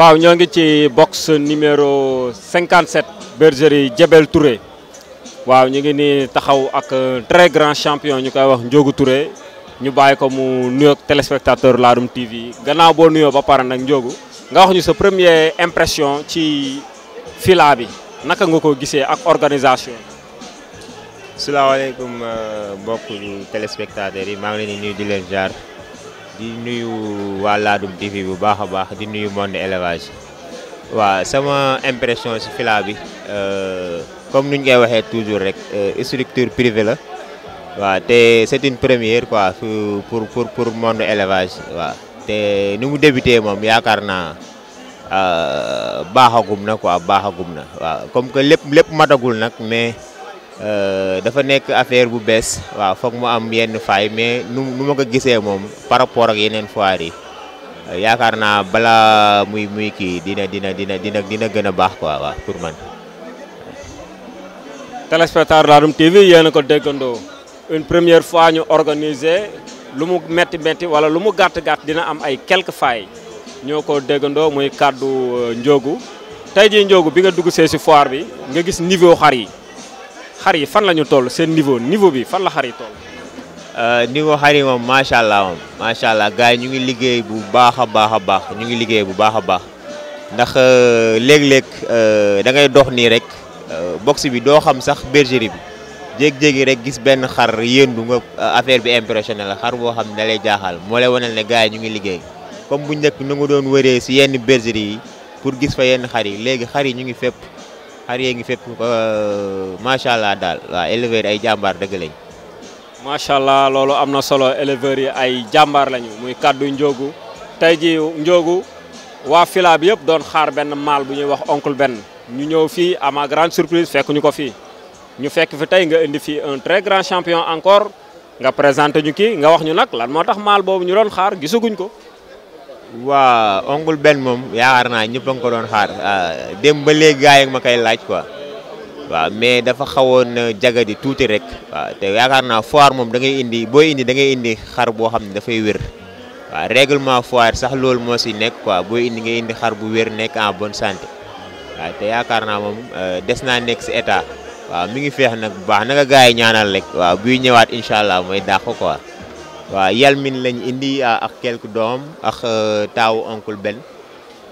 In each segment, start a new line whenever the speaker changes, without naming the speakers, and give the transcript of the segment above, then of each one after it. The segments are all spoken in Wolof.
waaw ñoo ngi ci box numéro 57 bergerie Diabel Touré waaw ñu ngi nii taxaw ak très grand champion ñu koy wax Ndiogou Touré ñu bàyyi ko mu nuyoog téléspectateur Ladoum TV gannaaw boo nuyoo ba pare nag Ndiogou nga wax ñu sa première impression ci fila bi naka nga ko gisee ak organisation
salaamaaleykum euh, mbokk téléspectateurs yi maa ngi leen di di leen jaar di nuyu waa Ladoum TV bu baax a baax di nuyu monde élevage waa sama impression ci fila bi euh, comme nuñ koy waxee toujours rek euh, structure privée la waaw te c'est une première quoi pour pour pour monde élevage waa te ni mu débuté moom yaakaar naa euh, baaxagum na quoi baaxagum na waaw comme que lépp lépp matagul nag mais. Euh, dafa nekk affaire bu bees waaw foog mu am yenn faay mais nu nu ma ko gisee moom par rapport ak yeneen foire yi euh, yaakaar naa bala muy muy kii dina dina dina dina dina gën a baax quoi waaw pour man.
téléspectateur Ladoum TV yéen ko déggandoo une première fois ñu organiser lu mu metti metti wala lu mu gàtt gàtt dina am ay quelques failles ñoo ko déggandoo muy kàddu euh, njóogu tey ji njóogu bi nga dugg see si foire bi nga gis niveau xar yi. xar yi fan la ñu toll seen niveau niveau bi fan la xar yi toll.
Euh, niveau xar yi moom macha allah moom macha allah gars yi ñu ngi liggéey bu baax a baax a baax ñu ngi liggéey bu baax a baax ndax euh, léeg-léeg euh, da ngay dox nii rek box bi doo xam sax bergerie bi jéeg-jéegi rek gis benn xar yëndu nga affaire bi impressionné la xar boo xam ne da lay jaaxal moo lay wanal ne gars yi ñu ngi liggéey comme bu njëkk nu nga doon wëree si yenn bergerie yi pour gis fa yenn xar yi léegi xar yi ñu ngi fépp. xar yee ngi fépp euh, macha allah daal waaw éleveurs ay jàmbaar dëgg lañ.
macha allah loolu am na solo éleveurs yi ay jàmbaar lañu muy kàddu njóogu tey ji njóogu waa fila bi yëpp doon xaar benn maal bu ñuy wax oncle benn ñu ñëw fii à ma grande surprise fekk ko fii ñu fekk fi tey nga indi fi un très grand champion encore nga présenté ñu kii nga wax ñu nag lan moo tax maal boobu ñu doon xaar gisaguñ ko.
waa oncle benn moom yaakaar naa ñëpp a nga ko doon xaar ah, dem ba léegi gars yi ma koy laaj quoi waaw mais dafa xawoon euh, jagadi tuuti rek waaw te yaakaar naa foire moom da ngay indi boo indi da ngay indi xar boo xam ne dafay wér waaw règlement foire sax loolu moo si nekk quoi boo indi ngay indi xar bu wér nekk en bonne santé waaw te yaakaar naa moom euh, des naa nekk si état waaw mi ngi feex nag bu baax naka gars yi ñaanal rek waaw buy ñëwaat incha allah mooy dàq quoi. waaw yalmin lañ indi ah, ak quelque doom ak euh, taawu
oncle Ben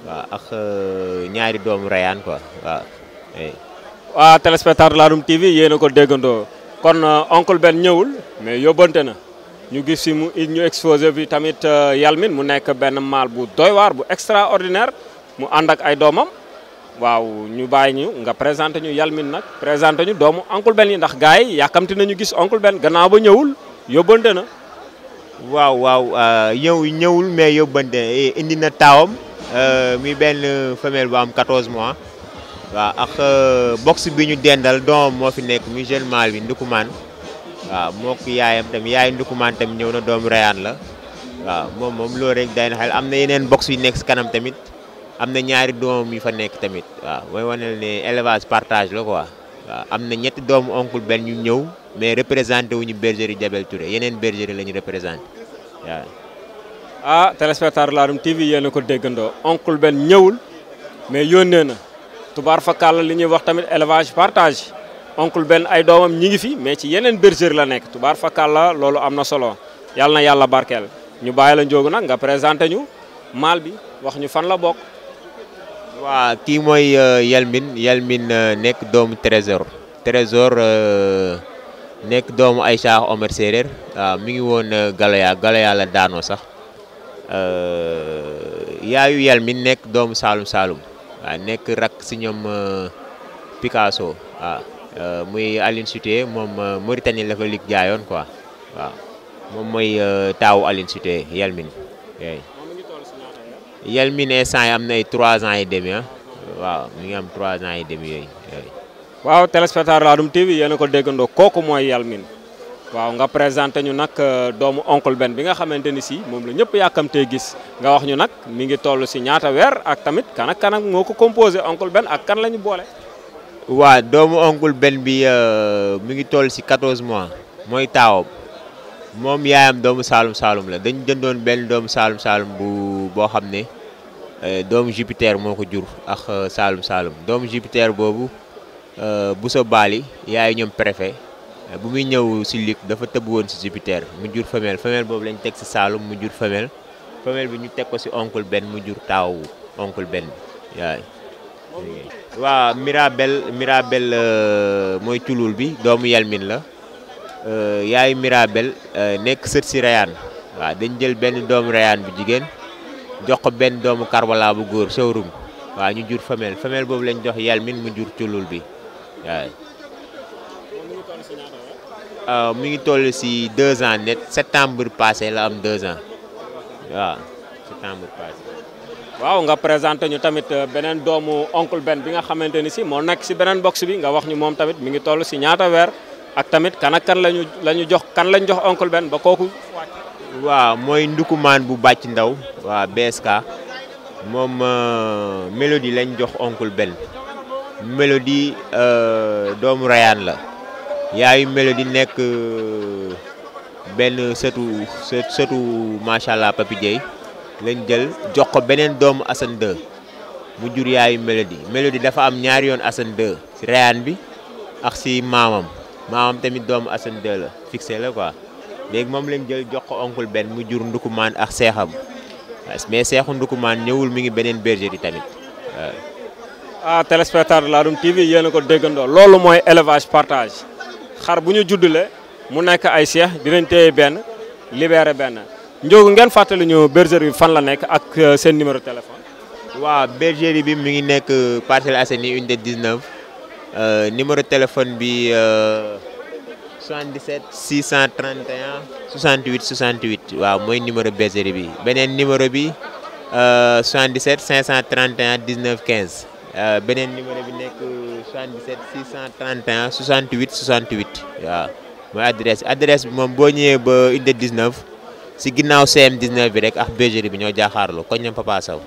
waaw ak euh, ñaari doomu rayaan quoi waaw. waa téléspectateur Ladoum TV yéen a ko déggandoo kon euh, oncle Ben ñëwul mais yóbbante na ñu gis si mu ñu exposé bi tamit yalmin mu nekk benn maal bu doy waar bu extraordinaire mu ànd ak ay doomam waaw ñu bàyyi ñu nga présenté ñu yalmin nag présenté ñu doomu oncle Ben yi ndax gars yi yàkkamti nañu gis oncle Ben gannaaw ba ñëwul yóbbante na.
waaw waaw euh, ñëw ñëwul mais yóbbante eh, indi na taawam euh, muy benn femelle bu am mois waaw ak euh, box bi ñu dendal doomam moo fi nekk muy jeune mâle bi ndukumaan waaw moo ko yaayam tam yaay ndukumaan tam ñëw na doom rayaan la waaw moom moom loolu rek day na xel am na yeneen box yu nekk si kanam tamit am na ñaari doom yu fa nekk tamit waaw mooy wane ne élevage partage la quoi waaw am na ñetti doomu oncle benn ñu ñëw mais représenté wuñu bergerie Diabel
Touré yeneen bergerie la ñu représenté waaw. ah téléspectateur Ladoum TV yéen a ko déggandoo onkul Ben ñëwul mais yónnee na tubaar fa kàll li ñuy wax tamit élevage partage onkul Ben ay doomam ñi ngi fi mais ci yeneen bergerie la nekk tubaar fa kàll loolu am na solo yàlla na yàlla barkeel ñu bàyyi la njóogu nag nga présenté ñu maal bi wax ñu fan la bokk.
waa kii mooy Yelmine euh, Yelmine euh, nekk doomu trésor trésor. Euh, nekk doomu Aïcha Omer Séeréer waaw mi ngi woon eh, Galoya Galoya la daanoo sax eh, yaayu yalmin nekk doomu Saalum Saalum waaw ah, nekk rak si ñoom eh, Picasso waaw ah, muy Aline Sitoé moom Mauritanie la ko lig jaayoon quoi waaw ah, moom mooy taawu Aline Sitoé yel min yel instant yi am na ay trois ans et demi waaw mu ngi am trois ans et demi yooyu
waaw téléspectateur Ladoum TV yéen a ko déggandoo kooku mooy yal Yalmine waaw nga présenté ñu nag euh, doomu oncle benn bi nga xamante ni si moom la ñëpp yàkkamtee gis nga wax ñu nag mi ngi toll si ñaata weer ak tamit kan ak moo ko composé oncle benn ak kan la ñu boole.
waa doomu oncle Ben bi euh, mi ngi toll si 14 mois mooy taawam moom yaayam doomu Saalum Saalum la dañ jëndoon benn doomu Saalum Saalum bu boo xam ne euh, doomu Jupiter moo ko jur ak Saalum Saalum doomu Jupiter boobu. Euh, Boussa Bali yaay ñoom préfet bu muy ñëw si lig dafa tëb woon si Jupiter mu jur famel femelle boobu lañ teg si Saalum mu jur femelle femelle bi ñu teg ko si oncle benn mu jur taawu oncle Mirabel Mirabel euh, mooy bi doomu Yelmin la euh, yaay Mirabel nekk sët si Rayaan dañ jël benn doomu Rayaan bu jigéen jox ko benn doomu Karbala bu góor sowrum ñu jur femelle femelle boobu lañ jox Yelmin mu jur culul bi waaw. Euh, mi ngi toll si deux ans net septembre passé la am deux ans waaw septembre passé.
waaw nga présenté ñu tamit euh, beneen doomu oncle Ben bi nga xamante ni si moo nekk si beneen box bi nga wax ñu moom tamit mu ngi toll si ñaata weer ak tamit kan ak kan lañu la ñu jox kan lañ jox oncle Ben ba kooku.
waa mooy ndukumaan bu bàcc ndaw waa BSK moom euh, mélodie lañ jox oncle Ben. Mélodie euh, doomu rayaan la yaayu Mélodie nekk euh, benn sëtu sëtu macha allah Papi Dieye jël jox ko beneen doomu Assane mu jur yaayu Mélodie Mélodie dafa am ñaari yoon Assane 2 si bi ak si maamam maamam tamit doomu Assane la fixe la quoi léegi moom lañ jël jox ko onkul benn mu jur ndukumaan ak seexam mais seexu ndukumaan ñëwul mi ngi beneen bergerie tamit
ah téléspectateur Ladoum TV yéen a ko déggandoo loolu mooy élevage partage xar bu ñu juddule mu nekk ay seex dinañ téye benn libéré benn Ndiogou ngeen fàttali ñu bergerie fan la nekk ak euh, seen numéro téléphone. waaw bi mi ngi nekk euh, Parcelles Assainies unité 19
euh, numéro téléphone bi 77 631 68 68 waaw mooy numéro bergerie bi beneen numéro bi 77 531 19 15. Euh, beneen numéro bi nekk 77 631 68 68 waaw mooy adresse adresse bi moom boo ñëwee ba unité 19 si ginnaaw CM 19 bi rek ak bergerie bi ñoo jaaxaaraloo koñ ñoom Papa Sow